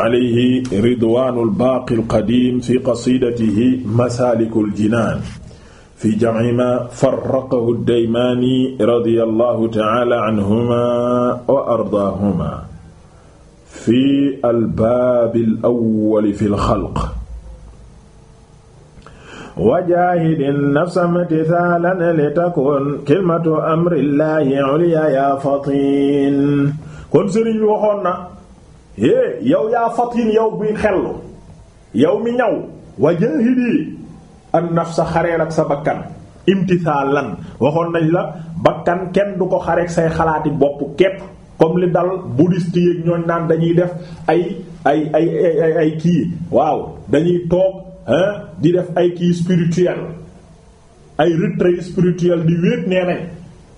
alayhi ridwaanul baaqil qadiim fi qasiidatihi masaalikul jinaan fi jam'i maa farraqahu ad-Daymaani radiyallahu ta'aala anhumaa wa ardaahumaa fi albaabil awwal fil xalq. wajaahidin nafsa imtisaalan litakun kalimatu amrillaahi ulyaa yaa fatiin. kon sëriñ bi waxoon na. é yow yaa fatin yow buy xellu yow mi ñaw wajahidi an nafsa xareel ak sa bakkan imtisaalan waxoon nañ la bakkan kenn du ko xareek say xalaati bopp képp comme li dal bouddhiste yeeg ñooñ naan dañuy def ay ay ay ay kii waaw dañuy toog di def ay kii spirituel ay retrait spirituel di wéet nee nañ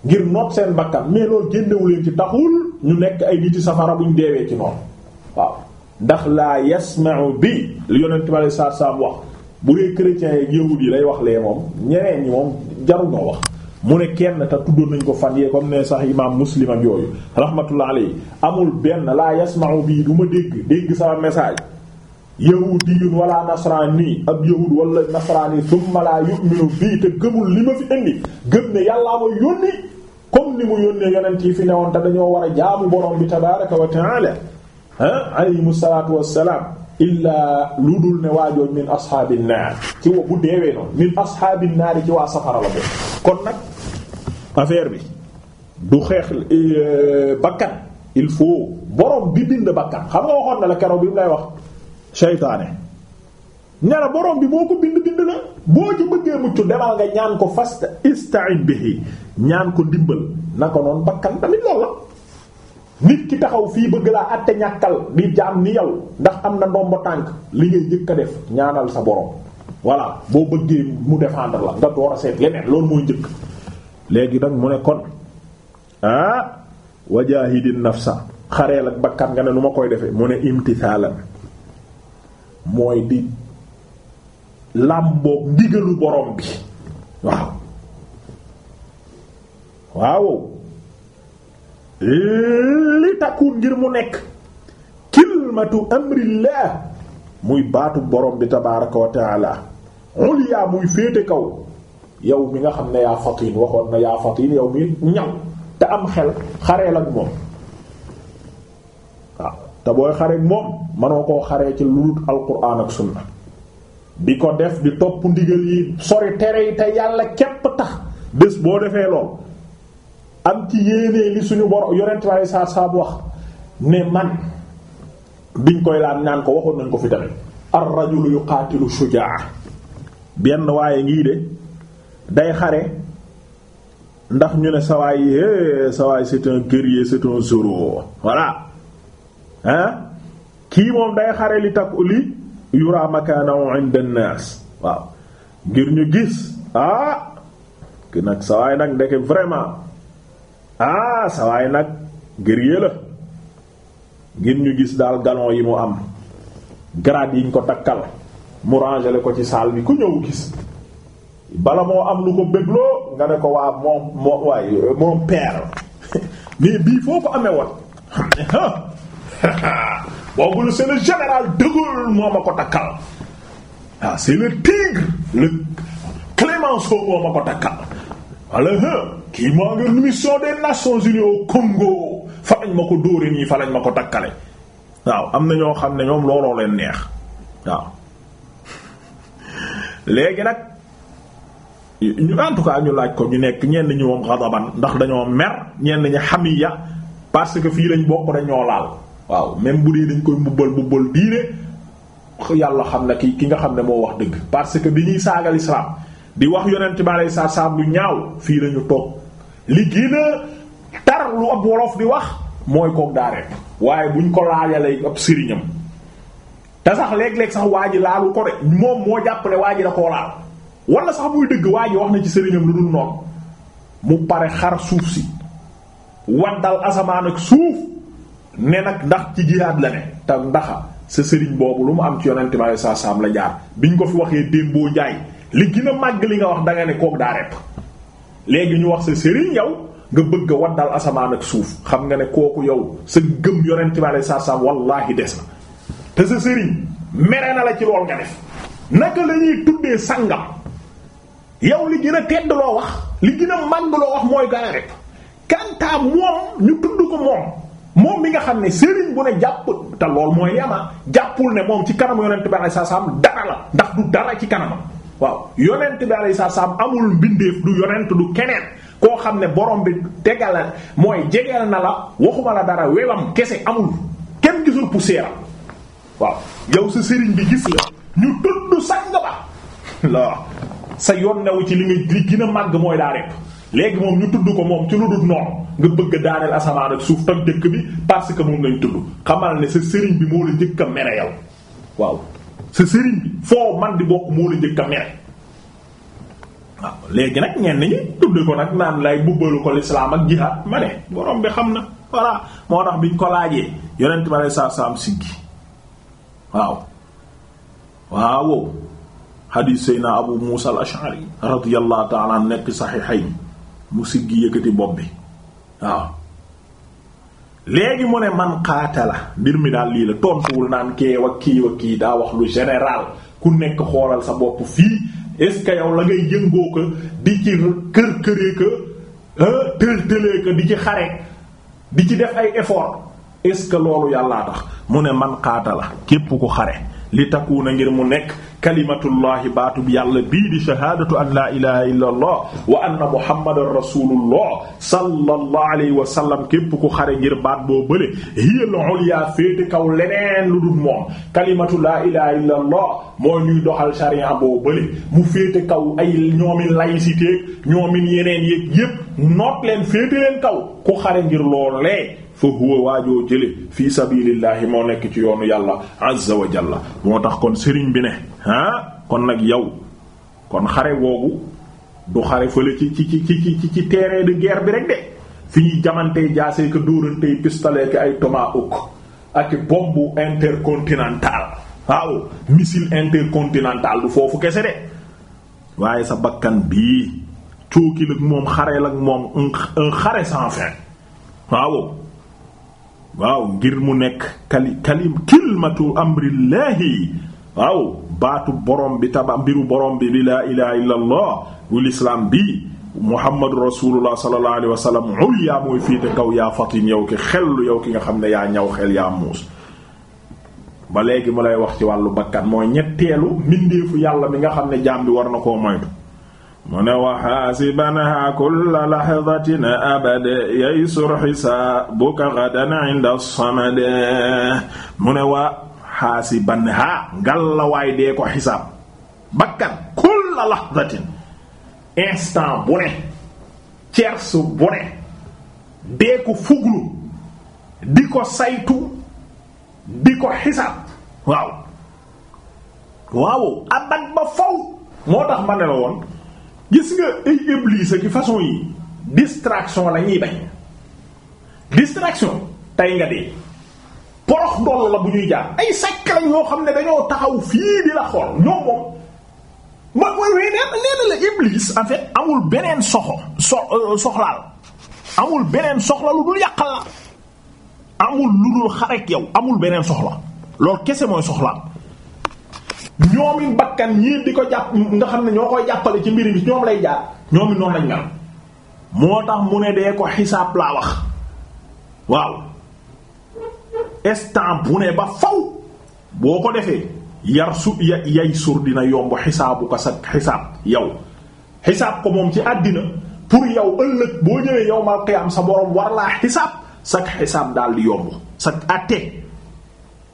ngir noot seen bakkan mais loolu génnewuleen ci taxul ñu nekk ay ci safara buñ deewee ci noonu waaw ndax laa yasma'u bi li yonent bi saa saam wax bu dee chrétiens yi yahud yi lay wax lee moom ñeneen ñi moom jaru noo wax mu ne kenn te tuddoon nañ ko fan yee comme ne sax imaam muslim ak yooyu rahmatullah alayhi amul benn laa yasma'u bii du ma dégg dégg sama message yahudiyun wala nasrani ab yahud wala nasrani thumma laa yu'minu bii te gëmul li ma fi indi gëm ne yàllaa ma yónni comme ni mu yónnee yonent yi fi woon te dañoo war a jaamu borom bi tabaraka wa alayhimu salaatu wassalaam illaa lu dul ne waajooj min ashaabi naar ci wa bu deewee noonu min ashaabi naar ci waa safara la boobu kon nag affaire bi du xeex eh, bakkan il faut borom bi bind bakkan xam nga waxoon na la keroog bi mu lay wax seytaane ñara borom bi moo ko bind bind na boo ci bëggee mucc demal nga ñaan ko fast ista'in bihi ñaan ko ndimbal na ko noonu bakkan tamit lool la nit ki taxaw fii bëgg laa àtte ñàkkal di jaam ni yow ndax am na ndombo tànk li ngay njëkk a def ñaanal sa borom voilà boo bëggee mu défendre la nga door a seet leneen loolu mooy njëkk léegi nag mu ne kon ah wajaahidin nafsa xareel ak bakkan nga ne nu ma koy defee mu ne imtisaalan mooy di làmboog ndigalu borom bi waaw waaw li takkuun ngir mu nekk kilmatu amrillah muy baatu borom bi tabaaraka wa taala ulya muy féete kaw yow mi nga xam ne yaa fatin waxoon na yaa fatin yow mi ñaw te am xel xareel ak moom waaw te booy xareek moom manoo koo xaree ci lu dul alquran ak sunna di ko def di topp ndigal yi sori tere yi te yàlla képp tax bés boo defee lool am ci yéenee li suñu bor yonent waaye saa saabu wax ne man biñ koy laaj naan ko waxoon nañ ko fi tamit ar rajulu yuqaatilu shujaa benn waaye ngii de day xare ndax ñu ne sawaay é eh, sawaay c'est un guerrier c'est un zoro voilà ah kii moom day xare li takku li yura makanahu inda an-nas waaw ngir ñu gis ah ki nag sawaay nag ndeke vraiment ah sawaay nag guerrier la ngir ñu gis daal galon yi mu am grade yiñ ko takkal mu rangele ko ci saal bi ku ñëw gis bala moo am lu ko bégloo nga ne ko waa moom moo waay mon mais bii foo ko amee woon ah! boobulu c'est le général de Gaulle moo ko takkal waaw ah, c'est le tigre le Clémenceau moo ma ko takkal alaha kii moo ngi mission des nations unies au Congo fa lañ ma ko dóore nii fa lañ ma ko takkale waaw am na ñoo xam ne ñoom looloo leen neex waaw léegi nag ñu en tout cas ñu laaj ko ñu nekk ñenn ñi moom xadaban ndax dañoo mer ñenn ñi xamiya parce que fii lañu bokk dañoo laal waaw même bu dee dañ koy mbubbal mbubbal diine yàlla xam ne ki ki nga xam ne moo wax dëgg parce que bi ñuy saagal islam di wax yonent bi aleyhi salaatu salaam lu ñaaw fii lañu toog li gën a tar lu ab wolof di wax mooy koog daa rek waaye buñ ko laajalee ab sëriñam te sax léeg-léeg sax waa ji laalu ko de moom moo jàppale waa ji da koo laal wala sax muy dëgg waa ji wax na ci sëriñam lu dul noonu mu pare xar suuf si waddal asamaan ak suuf ne nag ndax ci jihaad la ne te ndaxa sa sëriñ boobu lu mu am ci yonent bi aleyhi salaatu la jaar biñ ko fi waxee démboo njaay li gën màgg li nga wax da ne kook daa repp léegi ñu wax sa sëriñ yow nga bëgg a waddal asamaan ak suuf xam nga ne kooku yow sa gëm yonent bi aleyhi salaatu salaam wallaahi des te sa sëriñ mere na la ci lool nga def sangam yow li gën a loo wax li gën a màgg loo wax mooy gaa repp kantaa ñu tudd ko moom moom mi nga xam ne sëriñ jàpp te lool mooy yama jàppul ne moom ci kanam yonent bi aleyhi salaatu salaam dara la ndax du dara ci kanamam waaw yonent bi sa sa amul mbindeef du yonent du keneen koo xam ne borom bi tegal mooy jegeel na la waxuma la dara wewam kese amul kenn gisul poussière waaw yow sa sëriñ bi gis la ñu tudd sang ba la sa yoon newu ci li nga li gën a màgg mooy daa rek léegi moom ñu tudd ko moom ci lu dul noonu nga bëgg daaneel asamaan ak suuf toj dëkk bi parce que moom ñu tudd xamal ne sa sëriñ bi moo la njëkk a mere yow waaw sa sëriñ bi foo man di bokk moo la njëkk a mer waaw léegi nag ñenn ñi tudd ko nag naan lay bubbalu ko lislaam ak jihaad ma ne borom bi xam na voilà moo tax biñ ko laajee yonent bi alei saatu salaam siggi waaw waaw hadis sayna abu musa al ash'ari radiyallahu ta'ala nekk saxiixayn mu siggi yëkkati bopp bi waaw léegi mu ne man qaatala mbir mi daal lii la tontuwul naan kee wa kii wa kii daa wax lu général ku nekk xoolal sa bopp fii est-ce que yow la ngay yëngoo ko di ci kër këree ko tël tëlee di ci xare di ci def ay effort est-ce que loolu yàllaa tax mu ne man qaatala képp ku xare li takku na ngir mu nekk kalimatullahi baatub yàlla bii di shahaadatu an laa ilaha illa allah wa anna muhammadan rasulullah sallallahu alayhi wa sallam képp ku xare ngir baat boo bële hiyal ulya féete kaw leneen lu dul kalimatu laa ilaha illa allah mooy ñuy doxal sharia boo bële mu féete kaw ay ñoomin laïcité ñoomin yeneen yéeg yépp noot leen féete leen kaw ku xare ngir loolee fa huwa waajoo jële fii sabilillahi moo nekk ci yoonu yàlla azza wa jalla moo tax kon sëriñ bi ne ah kon nag yow kon xare boobu du xare fële ci ci ci ci ci ci terrain de guerre bi rek de fi ñuy jamantee jaasee ko dóorantey pistolet ki ay tomahawk ak bombu intercontinental waaw missile intercontinental du foofu kese de waaye sa bakkan bii cookil ak moom xareel ak moom un xare sans fin waaw waaw ngir mu nekk kali kalim kilmatu amrillahi waaw baatu borom bi taba mbiru borom bi bi laa ilaha illa allah wul islaam bi muhammadu rasulullah sallallahu alayhi wa sallam ul yaa mooy fiite kaw yaa fatin yow ki xellu yow ki nga xam ne yaa ñaw xel yaa muus ba léegi mu lay wax ci wàllu bakkan mooy ñetteelu mbindeefu yàlla mi nga xam ne jaam bi war na koo moytu mu ne wa xaasibanaha kulla lahdatin abad yaysur xisaabuka gadan inda samad mu ne wa xaasibanaha ngàllawaay dee ko xisaab bakkan kulla lahdatin instant bu ne cersu bu ne dee ko fuglu di ko saytu di ko xisaab waaw waaw abad ba faw moo tax ma ne la woon gis nga ay iblis ak façon yi distraction la ñuy bañ distraction nga dee porox ndoll la bu ñuy jaar ay sàcc lañ ñoo xam ne dañoo taxaw fii di la xool ñoom moom ma mooy wee neen la iblis en amul beneen soxo so euh, soxlaal amul beneen soxla lu dul yàqal la amul lu dul xarek yow amul beneen soxla loolu kese mooy soxlaal ñoomi bakkan ñii di ko jàpp nga xam ne ñoo koy jàppale ci mbir bi ñoom lay jaar ñoomi noonu lañ mel moo tax mu ne dee ko xisaab laa wax waaw instant bu ne ba faw boo ko defee yar su ya yay sur dina yomb xisaabu ko sa xisaab yow xisaab ko moom ci àddina pour yow ëllëg boo ñëwee yow mal qiyaam sa borom war laa xisaab sa xisaab daal di yomb sa àtte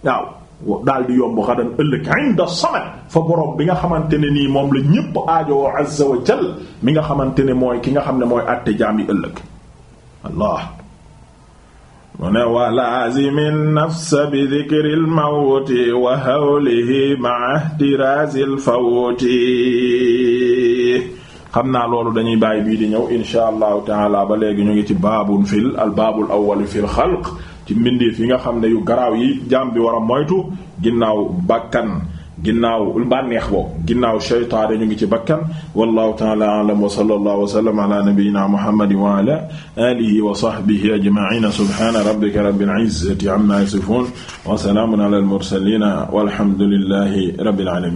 waaw daal di yomb xadan ëllëg inda samad fa bi nga xamante ne nii moom la ñépp aajowoo azza wa jal mi nga xamante ne mooy ki nga xam ne mooy àtte jaam yi ëllëg allah mu ne wa laazimi nafsa bi dikri lmawti wa hawlihi maa ihtirazi lfawti xam naa loolu dañuy bàyyi bii di ñëw insha allahu taala ba léegi ñu ngi ci baabun fil al baabul awwal fil xalq ci mbindeef yi nga xam ne yu garaaw yi jaam bi war a moytu ginnaaw bakkan ginnaaw bànneex boo ginnaaw shaytaane ñu ngi ci bakkan wallahu ta'ala a'lam wa sallallahu wa sallam ala nabiyyina muhammadin wa ala alihi wa sahbihi ajma'in subhana rabbika rabbil izzati amma yasifun wa salamun ala al mursalin walhamdulillahi rabbil alamin